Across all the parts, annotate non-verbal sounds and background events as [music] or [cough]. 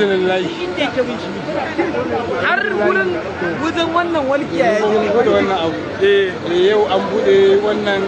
alhamdulillah inda yake bin har wurin wajen wannan walkiya ya je wannan abu eh, eh yau an bude wannan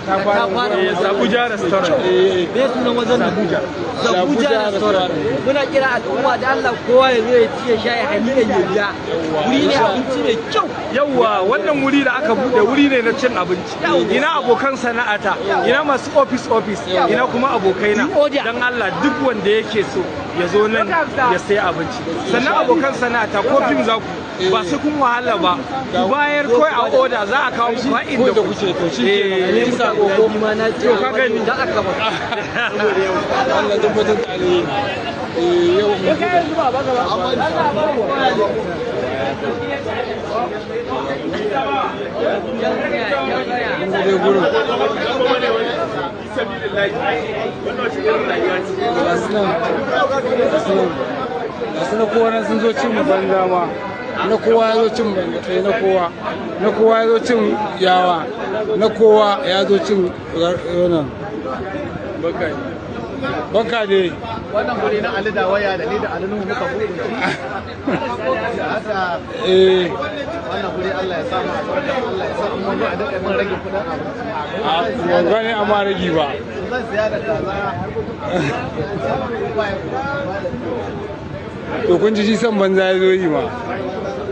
Zabuja eh, restaurant. Eh, eh. Me sunan wajen Zabuja. Zabuja restaurant. Muna kira al'umma da Allah kowa ya zo ya ci ya sha ya halilan yalla. Wuri ne abinci mai kyau. Yawwa wannan wuri da aka buɗe wuri ne na cin abinci. Ina abokan sana'ata, ina masu office office, ina kuma abokaina. Dan Allah duk wanda yake so ya zo nan ya sai abinci. Sannan abokan sana'ata ko fim za ku ba su kun wahala ba bayar kawai a oda za a kawo muku har inda ku ce to shi ke ne muka ko ma na ce ka gani da aka ba Allah da fatan alheri eh yau mun ga yanzu ba ba ba Allah ba mu Gasu nan, gasu sun zo cin mu ban dama. na kowa ya zo cin bangatai na kowa na kowa ya zo cin yawa na kowa ya zo cin nan baka ne wannan guri na ali da waya da ni da alinu muka buɗe shi da haka eh wannan guri Allah ya samu albarka Allah ya samu wani a daɗa mun rage kuɗin abu a ah, wanga ne amma rage ba zan siya da kaza [laughs] to kun ji shi san banza ya zo yi ma